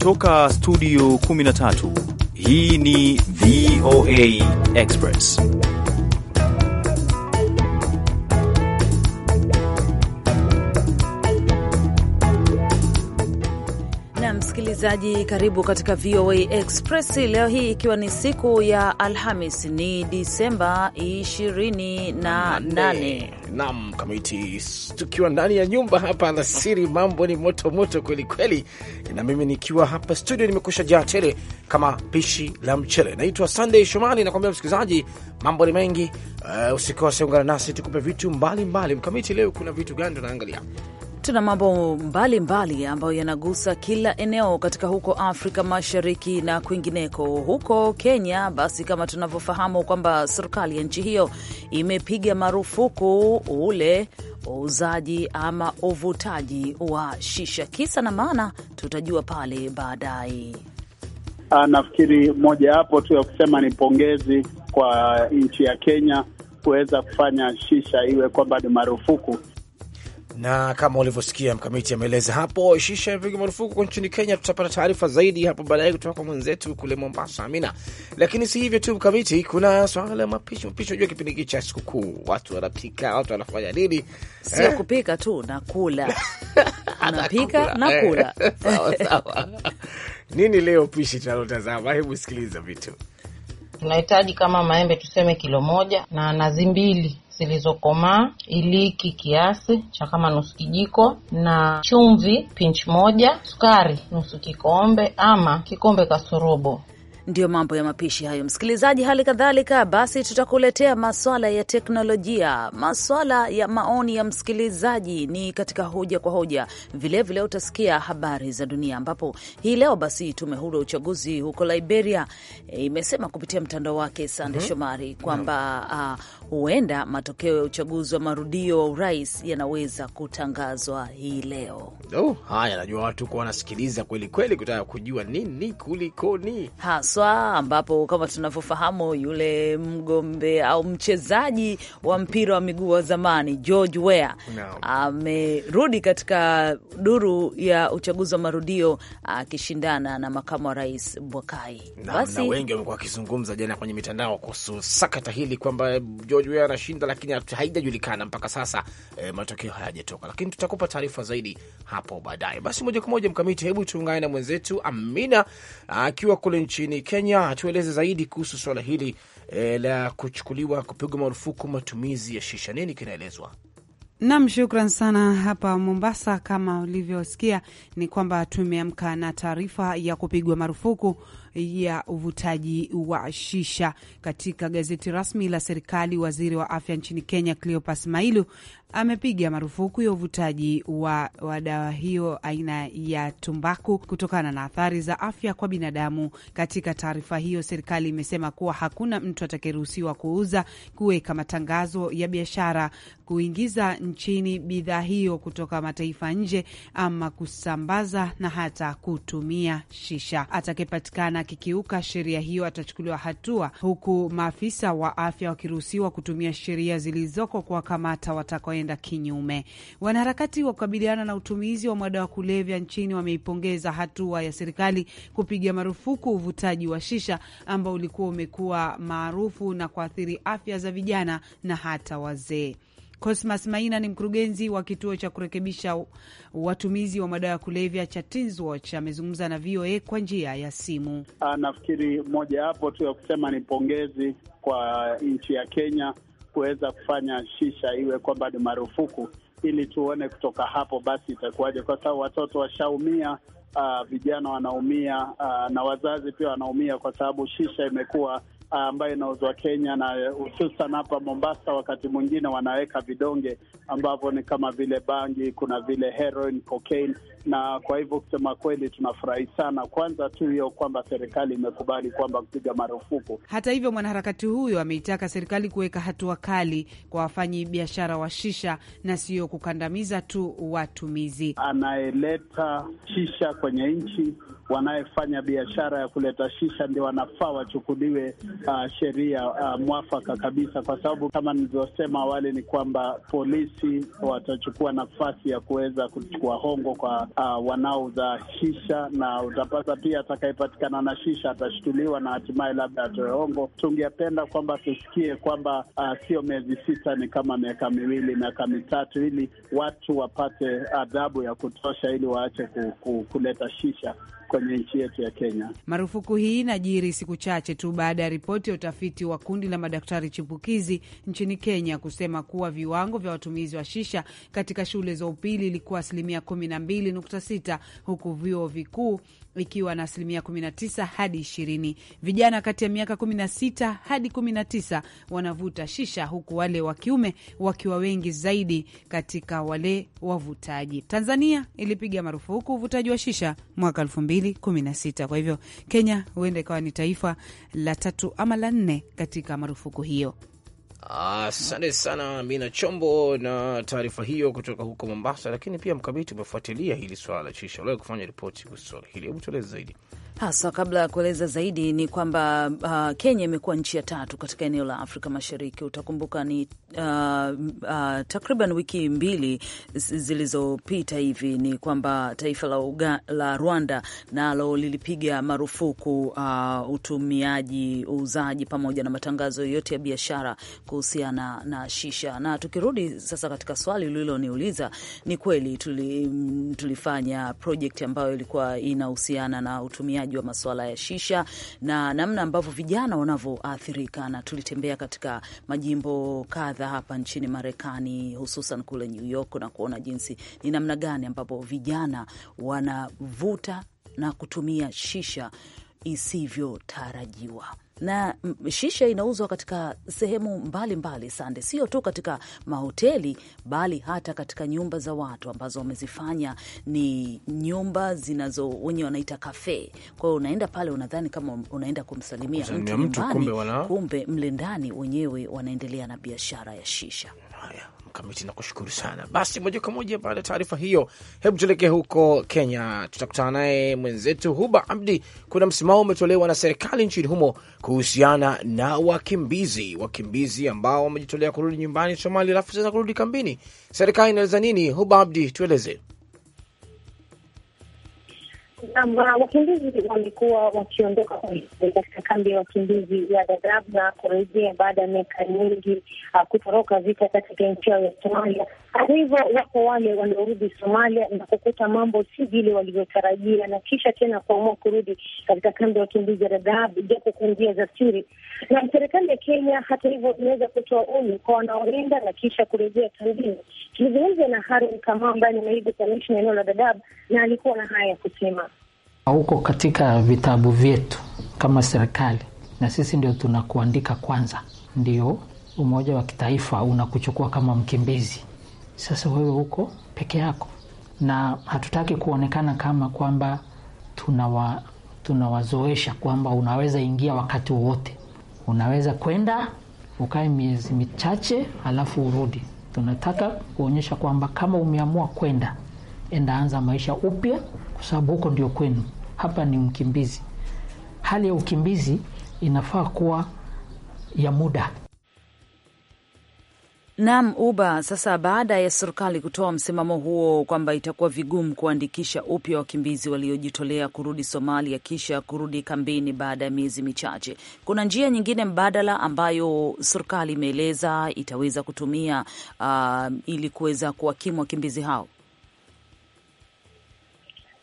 Kutoka studio 13 hii ni VOA Express. msikilizaji, karibu katika VOA Express leo hii, ikiwa ni siku ya Alhamis, ni Disemba 28. nam Kamiti, tukiwa ndani ya nyumba hapa alasiri, mambo ni moto moto kweli kweli, na mimi nikiwa hapa studio nimekusha jaa tele kama pishi la mchele. Naitwa Sunday Shomani, nakwambia msikilizaji, mambo ni mengi. Uh, usikose, ungana nasi tukupe vitu mbalimbali. Mkamiti, leo kuna vitu gani tunaangalia? Tuna mambo mbalimbali ambayo yanagusa kila eneo katika huko Afrika Mashariki na kwingineko. Huko Kenya, basi kama tunavyofahamu kwamba serikali ya nchi hiyo imepiga marufuku ule uuzaji ama uvutaji wa shisha. Kisa na maana tutajua pale baadaye. Ah, nafikiri moja hapo tu ya kusema ni pongezi kwa nchi ya Kenya kuweza kufanya shisha iwe kwamba ni marufuku na kama ulivyosikia Mkamiti ameeleza hapo, shisha imepigwa marufuku nchini Kenya. Tutapata taarifa zaidi hapo baadaye kutoka kwa mwenzetu kule Mombasa, Amina. Lakini si hivyo tu, Mkamiti, kuna swala la mapishi. Mapishi, unajua kipindi hiki cha sikukuu watu wanapika, watu wanafanya nini? Sio eh, kupika tu na kula anapika na kula eh, sawa sawa. Nini leo pishi tunalotazama? Hebu sikiliza vitu tunahitaji, kama maembe tuseme kilo moja na nazi mbili zilizokomaa, iliki kiasi cha kama nusu kijiko, na chumvi pinch moja, sukari nusu kikombe ama kikombe kasorobo. Ndiyo mambo ya mapishi hayo, msikilizaji. Hali kadhalika basi, tutakuletea maswala ya teknolojia, maswala ya maoni ya msikilizaji ni katika hoja kwa hoja. Vilevile vile utasikia habari za dunia, ambapo hii leo basi tume huru ya uchaguzi huko Liberia e, imesema kupitia mtandao wake Sande mm -hmm. Shomari kwamba mm -hmm. uh, huenda matokeo ya uchaguzi wa marudio wa urais yanaweza kutangazwa hii leo. Oh, haya, najua watu kuwa wanasikiliza kweli kweli kutaka kujua nini kulikoni haswa, ambapo kama tunavyofahamu yule mgombe au mchezaji wa mpira wa miguu wa zamani George Weah no. amerudi katika duru ya uchaguzi wa marudio akishindana na makamu wa rais Bwakai. Basi na wengi wamekuwa wakizungumza jana kwenye mitandao kuhusu sakata hili kwamba George kuwa juu anashinda, lakini haijajulikana mpaka sasa e, matokeo hayajatoka, lakini tutakupa taarifa zaidi hapo baadaye. Basi moja kwa moja Mkamiti, hebu tuungane na mwenzetu Amina akiwa kule nchini Kenya, atueleze zaidi kuhusu swala hili e, la kuchukuliwa kupigwa marufuku matumizi ya shisha. Nini kinaelezwa? Nam, shukran sana. Hapa Mombasa, kama ulivyosikia, ni kwamba tumeamka na taarifa ya kupigwa marufuku ya uvutaji wa shisha. Katika gazeti rasmi la serikali, waziri wa afya nchini Kenya Cleopas Mailu amepiga marufuku ya uvutaji wa, wa dawa hiyo aina ya tumbaku kutokana na athari za afya kwa binadamu. Katika taarifa hiyo, serikali imesema kuwa hakuna mtu atakayeruhusiwa kuuza, kuweka matangazo ya biashara, kuingiza nchini bidhaa hiyo kutoka mataifa nje, ama kusambaza na hata kutumia shisha. Atakayepatikana akikiuka sheria hiyo atachukuliwa hatua, huku maafisa wa afya wakiruhusiwa kutumia sheria zilizoko kuwakamata watakao kwenda kinyume. Wanaharakati wa kukabiliana na utumizi wa madawa wa kulevya nchini wameipongeza hatua ya serikali kupiga marufuku uvutaji wa shisha ambao ulikuwa umekuwa maarufu na kuathiri afya za vijana na hata wazee. Cosmas Maina ni mkurugenzi wa kituo cha kurekebisha watumizi wa madawa ya kulevya cha Teens Watch amezungumza na VOA kwa njia ya simu. Ah, nafikiri moja hapo tu ya kusema ni pongezi kwa nchi ya Kenya kuweza kufanya shisha iwe kwamba ni marufuku, ili tuone kutoka hapo basi itakuwaje, kwa sababu watoto washaumia, uh, vijana wanaumia, uh, na wazazi pia wanaumia, kwa sababu shisha imekuwa ah, ambayo inauzwa Kenya na eh, hususan hapa Mombasa. Wakati mwingine wanaweka vidonge ambavyo ni kama vile bangi, kuna vile heroin, cocaine, na kwa hivyo kusema kweli tunafurahi sana, kwanza tu hiyo kwamba serikali imekubali kwamba kupiga marufuku. Hata hivyo, mwanaharakati huyo ameitaka serikali kuweka hatua kali kwa wafanyi biashara wa shisha na sio kukandamiza tu watumizi. Anayeleta shisha kwenye nchi, wanayefanya biashara ya kuleta shisha ndio wanafaa wachukuliwe uh, sheria uh, mwafaka kabisa, kwa sababu kama nilivyosema awali ni kwamba polisi watachukua nafasi ya kuweza kuchukua hongo kwa uh, wanaouza shisha, na utapata pia atakayepatikana na shisha atashtuliwa na hatimaye labda atoe hongo. Tungependa kwamba tusikie kwamba uh, sio miezi sita, ni kama miaka miwili, miaka mitatu, ili watu wapate adhabu ya kutosha, ili waache ku, ku, kuleta shisha kwenye nchi yetu ya Kenya. Marufuku hii inajiri siku chache tu baada ya ripoti ya utafiti wa kundi la madaktari chipukizi nchini Kenya kusema kuwa viwango vya watumizi wa shisha katika shule za upili ilikuwa asilimia 12.6 huku vyuo vikuu ikiwa na asilimia 19 hadi 20. Vijana kati ya miaka 16 hadi 19 wanavuta shisha, huku wale wa kiume wakiwa wengi zaidi katika wale wavutaji. Tanzania ilipiga marufuku uvutaji wa shisha mwaka 2016. Kwa hivyo Kenya huenda ikawa ni taifa la tatu ama la nne katika marufuku hiyo. Asante ah, sana Mina Chombo na taarifa hiyo kutoka huko Mombasa. Lakini pia Mkamiti umefuatilia hili swala la Chicha leo kufanya ripoti kuhusu swala hili, hebu tueleze zaidi haswa. Kabla ya kueleza zaidi, ni kwamba uh, Kenya imekuwa nchi ya tatu katika eneo la Afrika Mashariki. Utakumbuka ni uh, uh, takriban wiki mbili zilizopita hivi ni kwamba taifa la, Uga, la Rwanda nalo na lilipiga marufuku uh, utumiaji, uuzaji pamoja na matangazo yote ya biashara kuhusiana na shisha. Na tukirudi sasa katika swali uliloniuliza, ni kweli tulifanya projekti ambayo ilikuwa inahusiana na utumiaji utumiaji wa masuala ya shisha na namna ambavyo vijana wanavyoathirika, na tulitembea katika majimbo kadha hapa nchini Marekani, hususan kule New York na kuona jinsi ni namna gani ambapo vijana wanavuta na kutumia shisha isivyotarajiwa na mm, shisha inauzwa katika sehemu mbalimbali, Sande, sio tu katika mahoteli, bali hata katika nyumba za watu ambazo wamezifanya ni nyumba zinazo wenye wanaita kafe. Kwa hiyo unaenda pale, unadhani kama unaenda kumsalimia mtu, nyumbani, kumbe, kumbe mle ndani wenyewe wanaendelea na biashara ya shisha. Haya. Mkamiti, nakushukuru sana. Basi moja kwa moja baada ya taarifa hiyo, hebu tuelekee huko Kenya. Tutakutana naye mwenzetu Huba Abdi. Kuna msimamo umetolewa na serikali nchini humo kuhusiana na wakimbizi, wakimbizi ambao wamejitolea kurudi nyumbani Somalia alafu sasa kurudi kambini. Serikali inaeleza nini? Huba Abdi, tueleze. Wakimbizi walikuwa wakiondoka katika kambi ya wakimbizi ya Dadaab na kurejea baada ya miaka mingi ah, kutoroka vita katika nchi yao ya Somalia kwa hivyo wako wale waliorudi Somalia na kukuta mambo si vile walivyotarajia, na kisha tena kuamua kurudi katika kambi ya wakimbizi ya Dadaab, japo kwa njia za siri. Na serikali ya Kenya hata hivyo imeweza kutoa onyo kwa wanaoenda na kisha kurejea kambini. Tulizungumza na Haron Kamau ambaye ni naibu kamishna eneo la Dadaab, na alikuwa na haya ya kusema. Huko katika vitabu vyetu kama serikali, na sisi ndio tunakuandika kwanza, ndio Umoja wa Kitaifa unakuchukua kama mkimbizi sasa wewe huko peke yako, na hatutaki kuonekana kama kwamba tunawa tunawazoesha kwamba unaweza ingia wakati wowote, unaweza kwenda ukae miezi michache alafu urudi. Tunataka kuonyesha kwamba kama umeamua kwenda, enda anza maisha upya, kwa sababu huko ndio kwenu. Hapa ni mkimbizi. Hali ya ukimbizi inafaa kuwa ya muda. Naam, Uba, sasa baada ya serikali kutoa msimamo huo kwamba itakuwa vigumu kuandikisha upya wakimbizi waliojitolea kurudi Somalia kisha kurudi kambini baada ya miezi michache, kuna njia nyingine mbadala ambayo serikali imeeleza itaweza kutumia uh, ili kuweza kuwakimu wakimbizi hao?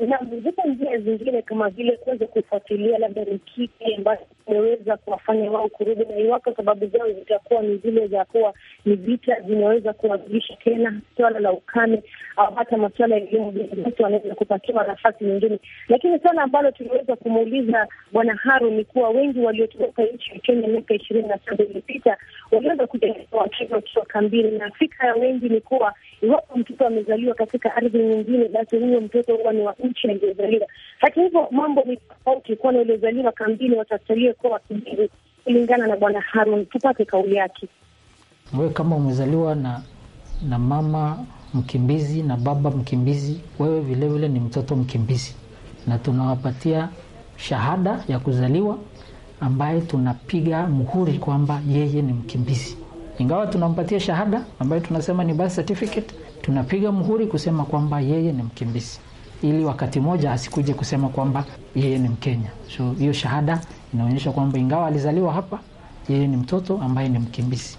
na zipo njia zingine kama vile kuweza kufuatilia labda ni kipi ambacho kimeweza kuwafanya wao kurudi, na iwapo sababu zao zitakuwa ni zile za kuwa ni vita zinaweza kuwarudisha tena, swala la ukame au hata masuala ya elimu, vijana wanaweza kupatiwa nafasi nyingine. Lakini swala ambalo tunaweza kumuuliza Bwana Haru ni kuwa wengi waliotoroka nchi ya Kenya miaka ishirini na saba iliyopita waliweza kujawa wakiwa kambini, na fikra ya wengi ni kuwa Iwapo mtoto amezaliwa katika ardhi nyingine, basi huyo mtoto huwa ni wa nchi aliyozaliwa. Hata hivyo, mambo ni tofauti, kwani waliozaliwa kambini watastahili kuwa wakimbizi, kulingana na Bwana Harun. Tupate kauli yake. Wewe kama umezaliwa na na mama mkimbizi na baba mkimbizi, wewe vilevile ni mtoto mkimbizi, na tunawapatia shahada ya kuzaliwa ambaye tunapiga muhuri kwamba yeye ni mkimbizi ingawa tunampatia shahada ambayo tunasema ni birth certificate, tunapiga muhuri kusema kwamba yeye ni mkimbizi, ili wakati mmoja asikuje kusema kwamba yeye ni Mkenya. So hiyo shahada inaonyesha kwamba ingawa alizaliwa hapa, yeye ni mtoto ambaye ni mkimbizi.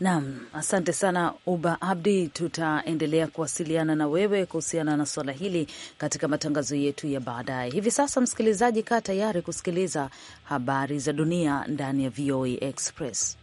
Naam, asante sana Uba Abdi, tutaendelea kuwasiliana na wewe kuhusiana na suala hili katika matangazo yetu ya baadaye. Hivi sasa, msikilizaji, kaa tayari kusikiliza habari za dunia ndani ya VOA Express.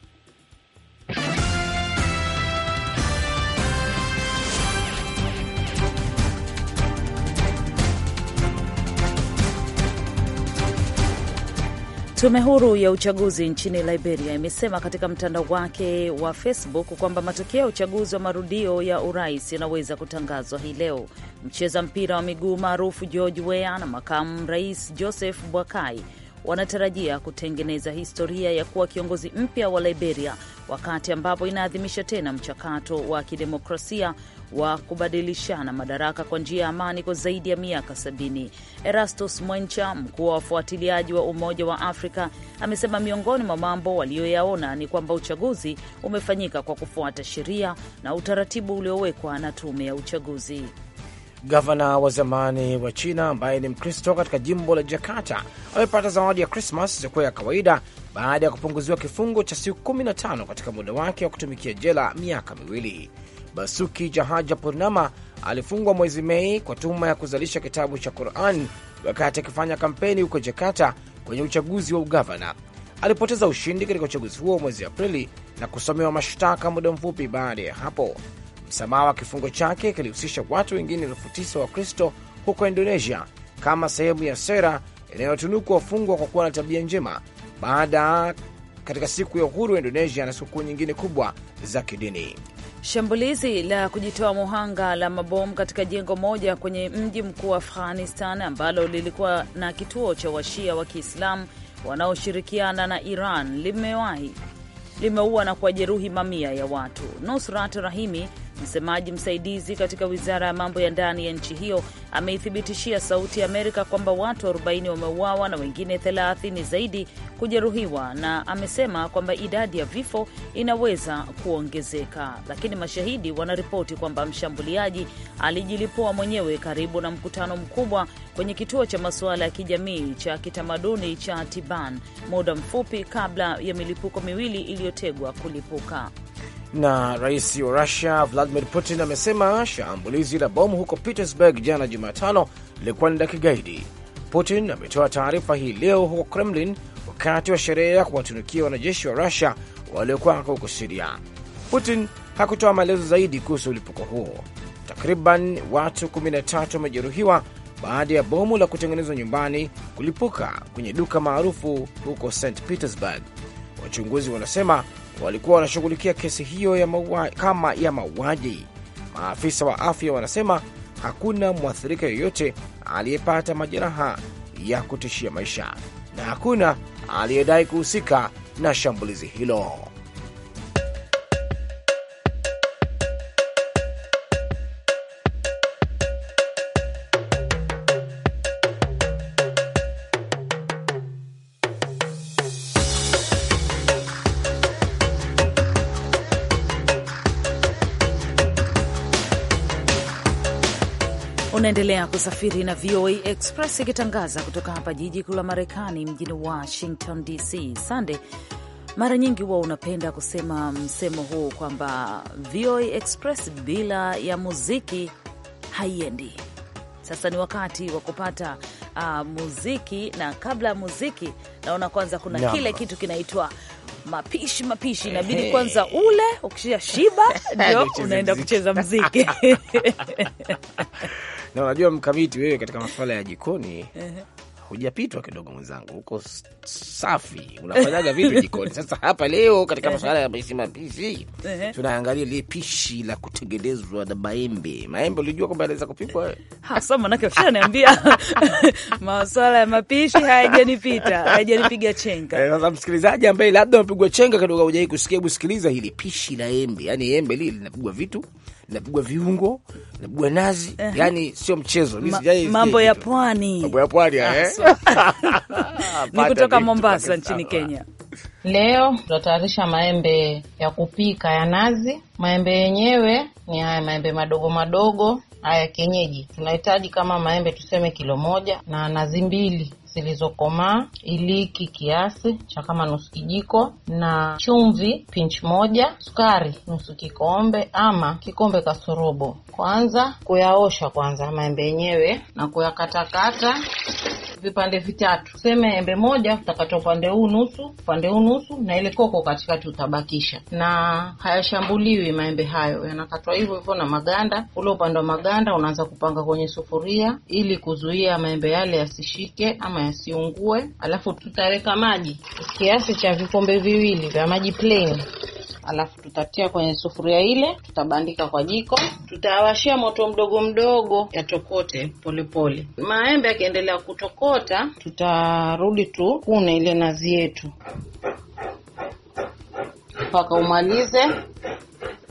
Tume huru ya uchaguzi nchini Liberia imesema katika mtandao wake wa Facebook kwamba matokeo ya uchaguzi wa marudio ya urais yanaweza kutangazwa hii leo. Mcheza mpira wa miguu maarufu George Weah na makamu rais Joseph Boakai wanatarajia kutengeneza historia ya kuwa kiongozi mpya wa Liberia wakati ambapo inaadhimisha tena mchakato wa kidemokrasia wa kubadilishana madaraka kwa njia ya amani kwa zaidi ya miaka sabini. Erastus Mwencha, mkuu wa wafuatiliaji wa Umoja wa Afrika, amesema miongoni mwa mambo waliyoyaona ni kwamba uchaguzi umefanyika kwa kufuata sheria na utaratibu uliowekwa na tume ya uchaguzi. Gavana wa zamani wa China ambaye ni Mkristo katika jimbo la Jakarta amepata zawadi ya Krismas isiyokuwa ya kawaida baada ya kupunguziwa kifungo cha siku 15 katika muda wake wa kutumikia jela miaka miwili. Basuki Jahaja Purnama alifungwa mwezi Mei kwa tuhuma ya kuzalisha kitabu cha Quran wakati akifanya kampeni huko Jakarta kwenye uchaguzi wa ugavana. Alipoteza ushindi katika uchaguzi huo mwezi Aprili na kusomewa mashtaka muda mfupi baada ya hapo. Msamaha wa kifungo chake kilihusisha watu wengine elfu tisa wa Kristo huko Indonesia kama sehemu ya sera inayotunuku wafungwa kwa kuwa na tabia njema baada katika siku ya uhuru wa Indonesia na sikukuu nyingine kubwa za kidini. Shambulizi la kujitoa muhanga la mabomu katika jengo moja kwenye mji mkuu wa Afghanistan ambalo lilikuwa na kituo cha washia wa Kiislamu wanaoshirikiana na Iran limewahi limeua na kuwajeruhi mamia ya watu. Nusrat Rahimi Msemaji msaidizi katika wizara ya mambo ya ndani ya nchi hiyo ameithibitishia Sauti ya Amerika kwamba watu 40 wameuawa na wengine 30 zaidi kujeruhiwa, na amesema kwamba idadi ya vifo inaweza kuongezeka, lakini mashahidi wanaripoti kwamba mshambuliaji alijilipua mwenyewe karibu na mkutano mkubwa kwenye kituo cha masuala ya kijamii cha kitamaduni cha Tiban muda mfupi kabla ya milipuko miwili iliyotegwa kulipuka. Na rais wa Rusia Vladimir Putin amesema shambulizi la bomu huko Petersburg jana Jumatano lilikuwa ni la kigaidi. Putin ametoa taarifa hii leo huko Kremlin wakati wa sherehe ya kuwatunukia wanajeshi wa Rusia waliokwako huko Siria. Putin hakutoa maelezo zaidi kuhusu ulipuko huo. Takriban watu 13 wamejeruhiwa baada ya bomu la kutengenezwa nyumbani kulipuka kwenye duka maarufu huko St Petersburg. Wachunguzi wanasema walikuwa wanashughulikia kesi hiyo ya mawa, kama ya mauaji. Maafisa wa afya wanasema hakuna mwathirika yoyote aliyepata majeraha ya kutishia maisha na hakuna aliyedai kuhusika na shambulizi hilo. Unaendelea kusafiri na VOA Express ikitangaza kutoka hapa jiji kuu la Marekani, mjini Washington DC. Sande, mara nyingi huwa unapenda kusema msemo huu kwamba VOA Express bila ya muziki haiendi. Sasa ni wakati wa kupata uh, muziki, na kabla ya muziki naona kwanza kuna no. kile kitu kinaitwa mapishi mapishi, inabidi kwanza ule, ukishia shiba ndio unaenda kucheza mziki na unajua mkamiti wewe katika masuala ya jikoni hujapitwa kidogo mwenzangu, huko safi, unafanyaga vitu jikoni. Sasa hapa leo katika masuala ya maisi mapishi tunaangalia lile pishi la kutengenezwa na maembe. Maembe ulijua kwamba anaweza kupikwa hasa? Manake ushaniambia masuala ya mapishi hayajanipita, hayajanipiga chenga. Eh, sasa msikilizaji ambaye labda amepigwa chenga kidogo, hujai kusikia, hebu sikiliza hili pishi la embe. Yani embe lile linapigwa vitu napigwa viungo, napigwa nazi, eh. yani sio mchezo. Ma, mambo ya pwani, mambo ya pwani ah, eh? ni kutoka Mombasa nchini Kenya. Leo tunatayarisha maembe ya kupika ya nazi. Maembe yenyewe ni haya maembe madogo madogo haya kienyeji, tunahitaji kama maembe tuseme kilo moja na nazi mbili zilizokomaa, iliki kiasi cha kama nusu kijiko, na chumvi pinch moja, sukari nusu kikombe ama kikombe kasorobo. Kwanza kuyaosha kwanza maembe yenyewe na kuyakatakata vipande vitatu, tuseme embe moja utakata upande huu nusu, upande huu nusu, na ile koko katikati utabakisha. Na hayashambuliwi maembe hayo, yanakatwa hivyo hivyo na maganda. Ule upande wa maganda unaanza kupanga kwenye sufuria ili kuzuia maembe yale yasishike ama yasiungue. Alafu tutaweka maji kiasi cha vikombe viwili vya maji plain alafu tutatia kwenye sufuria ile, tutabandika kwa jiko, tutawashia moto mdogo mdogo, yatokote polepole. Maembe yakiendelea kutokota, tutarudi tukune ile nazi yetu mpaka umalize.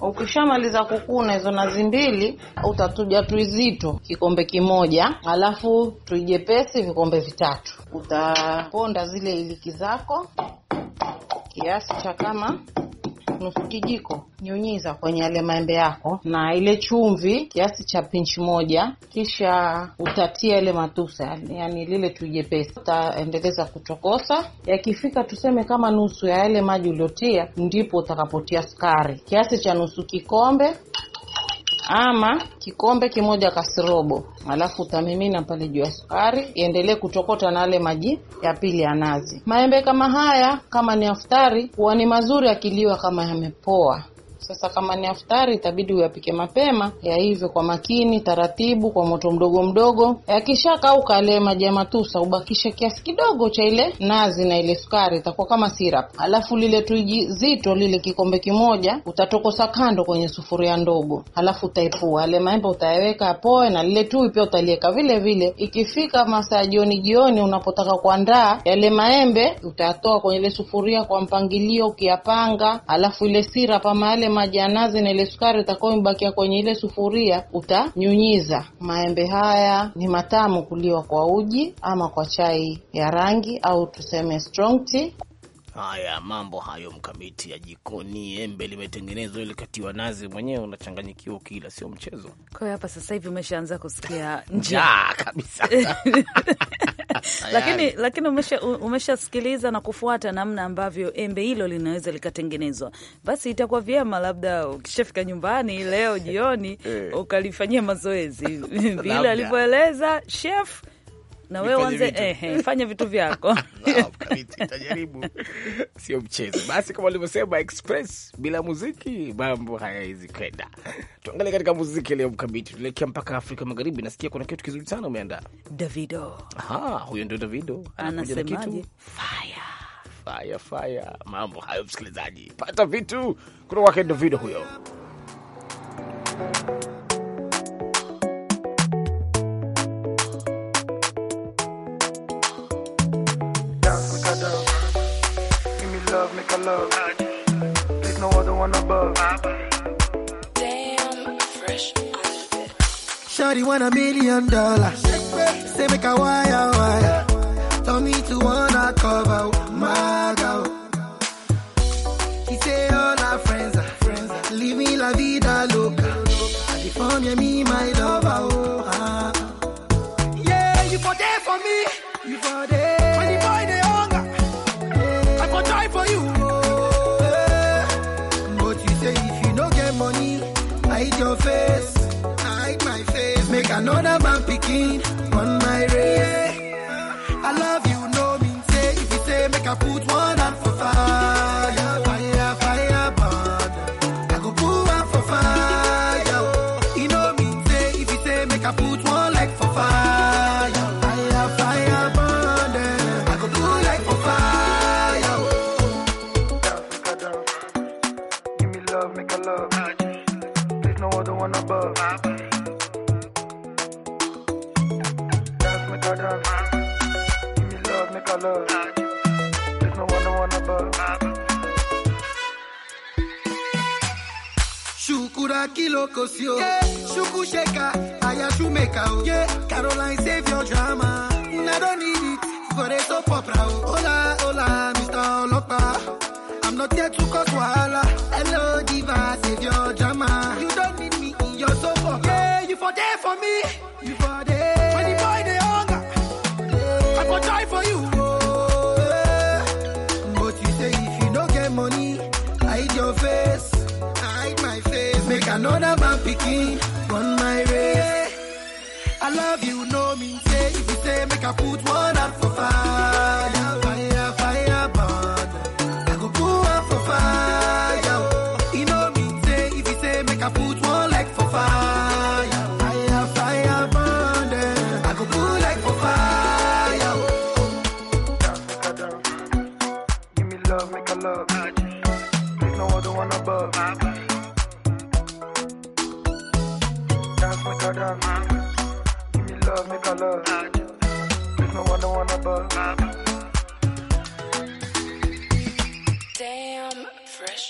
Ukishamaliza kukuna hizo nazi mbili, utatuja tuizito kikombe kimoja, alafu tuijepesi vikombe vitatu. Utaponda zile iliki zako kiasi cha kama nusu kijiko, nyunyiza kwenye yale maembe yako na ile chumvi kiasi cha pinchi moja, kisha utatia ile matusa, yani lile tujepesi. Utaendeleza kutokosa yakifika tuseme kama nusu ya yale maji uliotia, ndipo utakapotia sukari kiasi cha nusu kikombe ama kikombe kimoja kasirobo, alafu utamimina pale juu ya sukari iendelee kutokota na yale maji ya pili ya nazi. Maembe kama haya kama ni aftari huwa ni mazuri akiliwa kama yamepoa. Sasa kama ni aftari, itabidi uyapike mapema, ya hivyo kwa makini taratibu, kwa moto mdogo mdogo. kauka yale maji ya matusa, ubakishe kiasi kidogo cha ile nazi na ile sukari, itakuwa kama syrup. Alafu lile tuiji zito lile kikombe kimoja utatokosa kando kwenye sufuria ndogo, alafu utaipua. Yale maembe utayaweka apoe, na lile tui pia utalieka vile vile. Ikifika masaa jioni jioni, unapotaka kuandaa yale maembe, utayatoa kwenye ile sufuria kwa mpangilio, ukiyapanga, alafu ile syrup ama yale maji ya nazi na ile sukari itakayobakia kwenye ile sufuria utanyunyiza. Maembe haya ni matamu kuliwa kwa uji ama kwa chai ya rangi au tuseme strong tea. Haya mambo hayo, mkamiti ya jikoni, embe limetengenezwa likatiwa nazi, mwenyewe unachanganyikiwa ukila, sio mchezo. Kwa hiyo hapa sasa hivi umeshaanza kusikia njaa kabisa lakini lakini umeshasikiliza umesha na kufuata namna ambavyo embe hilo linaweza likatengenezwa, basi itakuwa vyema labda ukishafika nyumbani leo jioni eh. ukalifanyia mazoezi vile alivyoeleza chef na wewe uanze eh, eh, fanya vitu vyako itajaribu sio mchezo. Basi kama ulivyosema express, bila muziki mambo hayawezi kwenda. Tuangalie katika muziki leo, mkabiti tuelekea mpaka Afrika Magharibi. Nasikia kuna kitu kizuri sana umeandaa Davido. Aha, huyo ndio Davido anasemaje? fire fire fire. Mambo hayo msikilizaji, pata vitu kutoka kwake Davido huyo shawty want a million dollars. Say make a wire wire. Tell me to wanna cover my girl. She say all her friends are Leave me la vida loca. I deform you me my lover. Oh, ah. Yeah, you for there for me. You for there. queen my ray. I love you, no mean say. If you say, make I put one and kiloko sio yeah. shuku sheka aya shumeka o yeah. caroline save your drama una not need it for a soap opera o hola hola mr ọlọpàá i'm not here to cause wahala hello diva save your drama you don't need me in your soap opera yeah, you for there for me you for there when the boy dey hunger yeah. i for try for you. Another man picking on my way. I love you, no mean say. If you say, make I put one up for fire. Fire, fire, burn. I go put one for fire. You know say. If you say, make I put one like for fire. Fire, fire, burn. I go put like for fire. Give me love, make a love. Make no other one above. dance, make I dance. Give me love, make I love. There's no one, no one above. Damn, fresh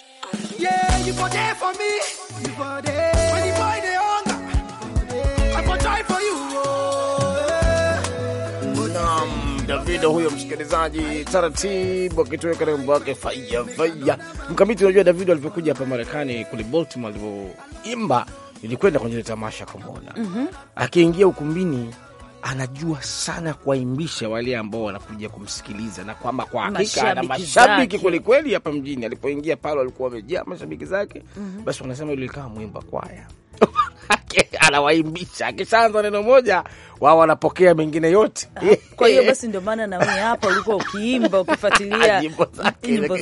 Yeah, you go there for me. You go there. When the boy they hunger, I go try for you. Oh. Davido huyo msikilizaji, taratibu akitoweka na wimbo wake faya faya mkamiti. Unajua Davido alivyokuja hapa Marekani kule Baltimore, alivyoimba nilikwenda kwenye tamasha kumwona mm -hmm. Akiingia ukumbini anajua sana kuwaimbisha wale ambao wanakuja kumsikiliza, na kwamba kwa hakika ana mashabiki kwelikweli hapa mjini. Alipoingia pale walikuwa wamejaa mashabiki zake mm -hmm. Basi wanasema yule likawa mwimba kwaya anawaimbisha, akishaanza neno moja wao wanapokea mengine yote. Ah, kwa hiyo basi ndio maana na wewe hapa ulikuwa ukiimba ukifuatilia ah, nyimbo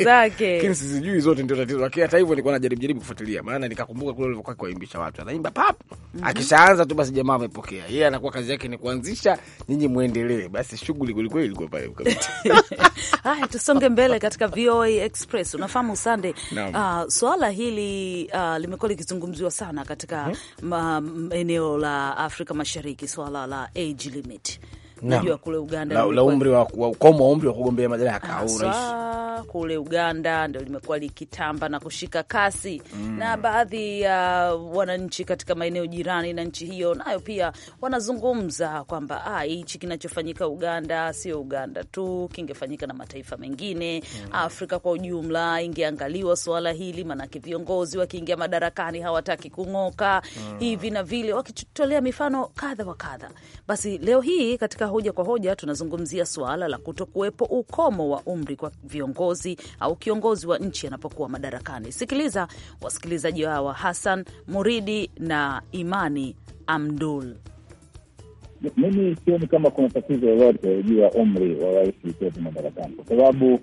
zake, lakini sijui zote, ndio tatizo. Lakini hata hivyo nilikuwa najaribu jaribu kufuatilia, maana nikakumbuka kule ulivyokuwa kuwaimbisha watu, anaimba pap, mhm. akishaanza tu basi jamaa amepokea yeye, anakuwa kazi yake ni kuanzisha, nyinyi muendelee. Basi shughuli kwelikweli ilikuwa pale kabisa. Haya, tusonge mbele katika VOA Express. Unafahamu Sunday, uh, swala hili uh, limekuwa likizungumziwa sana katika mhm. eneo la Afrika Mashariki, swala la age limit. najua kule Uganda la, la umri wa, wa, ukomo wa umri wa kugombea madaraka au rais kule Uganda ndio limekuwa likitamba na kushika kasi mm. na baadhi ya uh, wananchi katika maeneo jirani na nchi hiyo nayo pia wanazungumza kwamba ah, hichi kinachofanyika Uganda sio Uganda tu, kingefanyika na mataifa mengine mm. Afrika kwa ujumla ingeangaliwa suala hili, maanake viongozi wakiingia madarakani hawataki kung'oka mm. hivi na vile, wakitolea mifano kadha wa kadha. Basi leo hii katika katika hoja kwa hoja tunazungumzia suala la kutokuwepo ukomo wa umri kwa viongozi au kiongozi wa nchi anapokuwa madarakani. Sikiliza wasikilizaji wawa Hassan Muridi na Imani Amdul. Mimi sioni kama kuna tatizo lolote juu ya umri wa rais madarakani, kwa sababu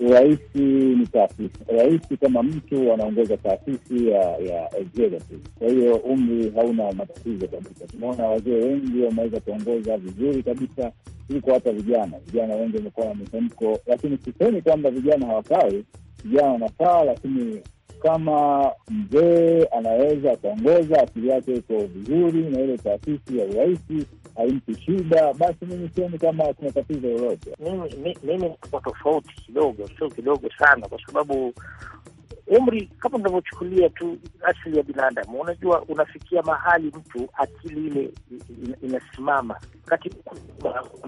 Rais ni taasisi. Rais kama mtu anaongoza taasisi ya ya executive, kwa hiyo umri hauna matatizo kabisa. Tunaona wazee wengi wameweza kuongoza vizuri kabisa kuliko hata vijana. Vijana wengi wamekuwa na mihemko, lakini sisemi kwamba vijana hawafai, vijana wanafaa, lakini kama mzee anaweza akaongoza, akili yake iko vizuri na ile taasisi ya urais haimpi shida, basi mimi sioni kama kuna tatizo lolote. Mimi niko tofauti kidogo, sio kidogo sana, kwa sababu umri kama unavyochukulia tu asili ya binadamu, unajua unafikia mahali mtu akili ile inasimama katibu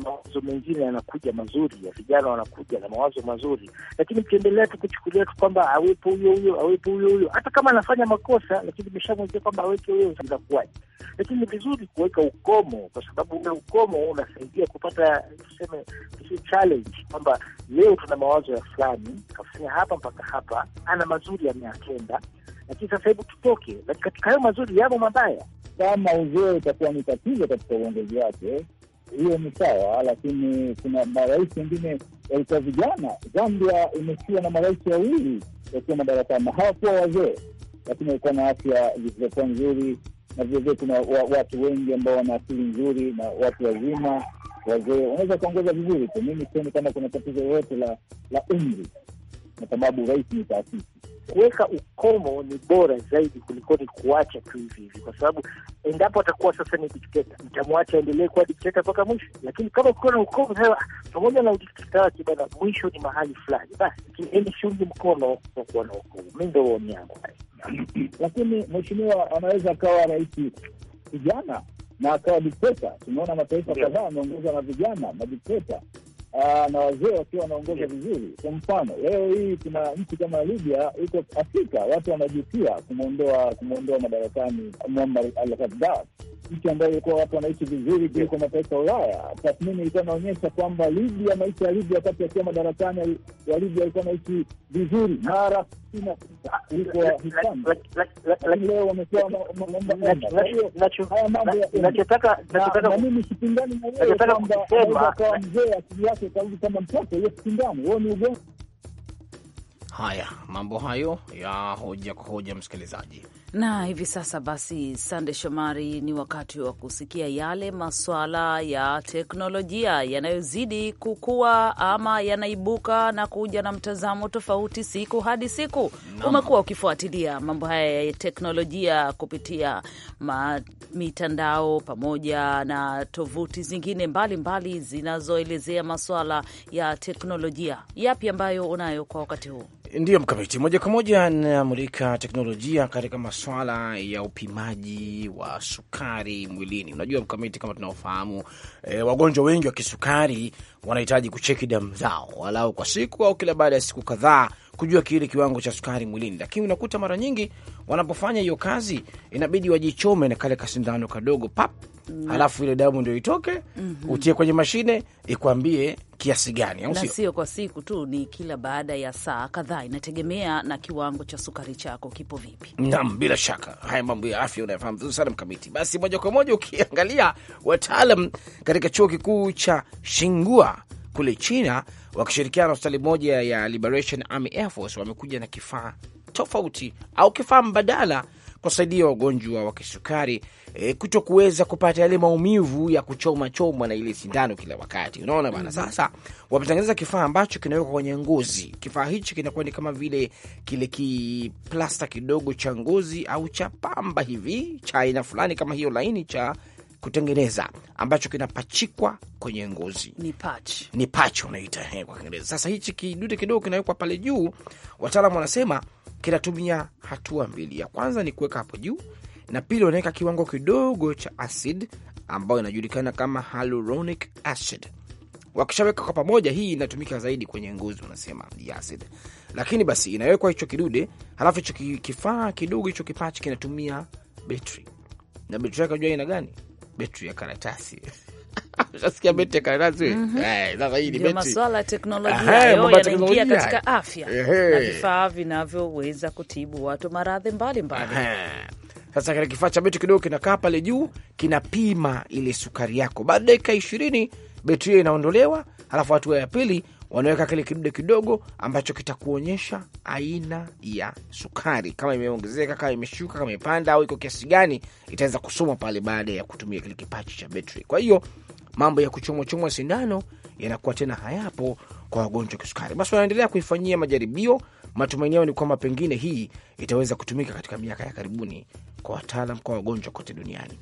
mawazo mengine yanakuja mazuri ya vijana wanakuja na mawazo mazuri, lakini mkiendelea tu kuchukulia tu kwamba awepo huyo huyo awepo huyo huyo, hata kama anafanya makosa, lakini imeshamwezia kwamba aweke huyo, itakuwaje? Lakini ni vizuri kuweka ukomo, kwa sababu ule ukomo unasaidia kupata tuseme challenge kwamba leo tuna mawazo ya fulani kafanya hapa mpaka hapa, ana mazuri ameyatenda, lakini sasa hebu tutoke katika hayo mazuri, yamo mabaya kama uzee utakuwa ni tatizo katika uongozi wake, hiyo ni sawa, lakini kuna marais wengine walikuwa vijana. Zambia imekiwa na marais wawili wakiwa madarakani, hawakuwa wazee, lakini walikuwa na afya zisizokuwa nzuri, na vilevile kuna wa, watu wengi ambao wana asili nzuri na watu wazima, wazee wanaweza kuongoza vizuri tu. Mimi sioni kama kuna tatizo yoyote la, la umri kwa sababu rais ni taasisi. Kuweka ukomo ni bora zaidi kuliko ni kuacha tu hivi hivi, kwa sababu endapo atakuwa sasa ni dikteta, mtamwacha aendelee kuwa dikteta mpaka mwisho. Lakini kama ukiwa na ukomo sasa, pamoja na udikteta wake bana, mwisho ni mahali fulani, basi kieni shungi mkono wa kuwa na ukomo. Mi ndo maoni yangu. Lakini mheshimiwa anaweza akawa rais kijana na akawa dikteta. Tumeona mataifa kadhaa ameongozwa na vijana madikteta na wazee wakiwa wanaongoza vizuri. Kwa mfano leo hii kuna nchi kama Libya iko Afrika, watu wanajutia kumwondoa kumwondoa madarakani Muammar al Gaddafi, nchi ambayo ilikuwa watu wanaishi vizuri kuliko mataifa ya Ulaya. Tathmini ilikuwa inaonyesha kwamba Libya, maisha ya Libya wakati akiwa madarakani wa Libya alikuwa anaishi vizuri mara nachotaka kusema yake kama mtoto hiyo sindano, huo ni ugonjwa. Haya, mambo hayo ya hoja kwa hoja, msikilizaji na hivi sasa basi, Sande Shomari, ni wakati wa kusikia yale maswala ya teknolojia yanayozidi kukua ama yanaibuka na kuja na mtazamo tofauti siku hadi siku. Umekuwa ukifuatilia mambo haya ya teknolojia kupitia ma, mitandao pamoja na tovuti zingine mbalimbali zinazoelezea maswala ya teknolojia. Yapi ambayo unayo kwa wakati huu? Ndiyo mkamiti moja kwa moja namulika teknolojia katika maswala ya upimaji wa sukari mwilini. Unajua mkamiti, kama tunaofahamu e, wagonjwa wengi wa kisukari wanahitaji kucheki damu zao walau kwa siku au kila baada ya siku kadhaa kujua kile kiwango cha sukari mwilini, lakini unakuta mara nyingi wanapofanya hiyo kazi inabidi wajichome na kale kasindano kadogo pap, mm. halafu ile damu ndio itoke, mm -hmm. utie kwenye mashine ikwambie kiasi gani, au sio? Sio kwa siku tu, ni kila baada ya saa kadhaa, inategemea na kiwango cha sukari chako kipo vipi. Naam, bila shaka haya mambo ya afya unayofahamu vizuri sana Mkamiti. Basi moja kwa moja ukiangalia wataalam katika chuo kikuu cha Shingua kule China wakishirikiana na hospitali moja ya Liberation Army Air Force wamekuja na kifaa tofauti au kifaa mbadala kusaidia wagonjwa wa kisukari e, kuto kuweza kupata yale maumivu ya kuchoma choma na ile sindano kila wakati, unaona bana. Mm-hmm. Sasa wametengeneza kifaa ambacho kinawekwa kwenye ngozi. Kifaa hichi kinakuwa ni kama vile kile kiplasta kidogo cha ngozi au cha pamba hivi cha aina fulani kama hiyo laini cha kutengeneza ambacho kinapachikwa kwenye ngozi, ni patch, ni patch unaita eh, kwa Kiingereza. Sasa hichi kidude kidogo kinawekwa pale juu, wataalamu wanasema kinatumia hatua mbili. Ya kwanza ni kuweka hapo juu, na pili wanaweka kiwango kidogo cha acid ambayo inajulikana kama hyaluronic acid. Wakishaweka kwa pamoja, hii inatumika zaidi kwenye ngozi, unasema ya acid. Lakini basi inawekwa hicho kidude, halafu hicho kifaa kidogo hicho kipachi kinatumia betri, na betri yake unajua aina gani? Betri ya karatasi Unasikia beti ya mhm. eh, Sasa hii ni beti. ya teknolojia yanaingia katika afya na vifaa vinavyoweza kutibu watu maradhi mbalimbali. Sasa kile kifaa cha beti kidogo kinakaa pale juu, kinapima ile sukari yako. Baada ya dakika ishirini beti hiyo inaondolewa, halafu hatua ya pili wanaweka kile kidude kidogo ambacho kitakuonyesha aina ya sukari, kama imeongezeka, kama imeshuka, kama imepanda au iko kiasi gani, itaweza kusoma pale baada ya kutumia kile kipachi cha betri. Kwa hiyo mambo ya kuchomwachomwa sindano yanakuwa tena hayapo kwa wagonjwa kisukari. Basi wanaendelea kuifanyia majaribio. Matumaini yao ni kwamba pengine hii itaweza kutumika katika miaka ya karibuni kwa wataalam, kwa wagonjwa kote duniani.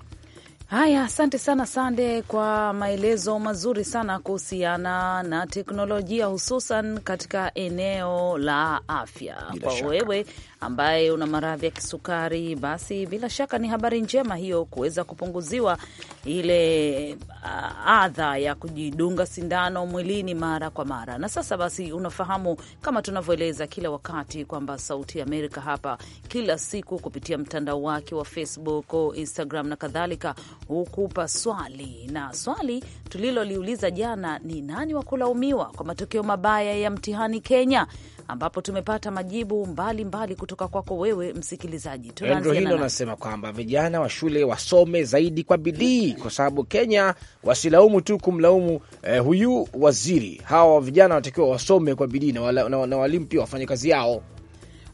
Haya, asante sana Sande kwa maelezo mazuri sana kuhusiana na teknolojia hususan katika eneo la afya. kwa Wewe ambaye una maradhi ya kisukari, basi bila shaka ni habari njema hiyo kuweza kupunguziwa ile uh, adha ya kujidunga sindano mwilini mara kwa mara. Na sasa basi, unafahamu kama tunavyoeleza kila wakati kwamba Sauti ya Amerika hapa kila siku kupitia mtandao wake wa Facebook, Instagram na kadhalika hukupa swali, na swali tuliloliuliza jana ni nani wa kulaumiwa kwa matokeo mabaya ya mtihani Kenya? ambapo tumepata majibu mbalimbali mbali kutoka kwako wewe msikilizaji. Andrew hilo anasema kwamba vijana wa shule wasome zaidi kwa bidii, kwa sababu Kenya wasilaumu tu kumlaumu eh, huyu waziri. Hawa vijana wanatakiwa wasome kwa bidii na, na, na walimu pia wafanye kazi yao.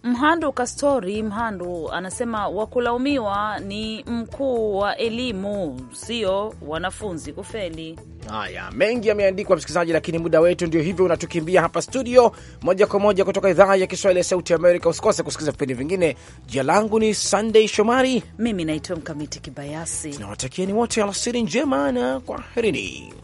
Mhandu Kastori Mhandu anasema wakulaumiwa ni mkuu wa elimu, sio wanafunzi kufeli. Haya, mengi yameandikwa msikilizaji, lakini muda wetu ndio hivyo unatukimbia hapa studio, moja kwa moja kutoka idhaa ya Kiswahili ya Sauti Amerika. Usikose kusikiliza vipindi vingine. Jina langu ni Sunday Shomari, mimi naitwa Mkamiti Kibayasi. Tunawatakieni wote alasiri njema na kwaherini.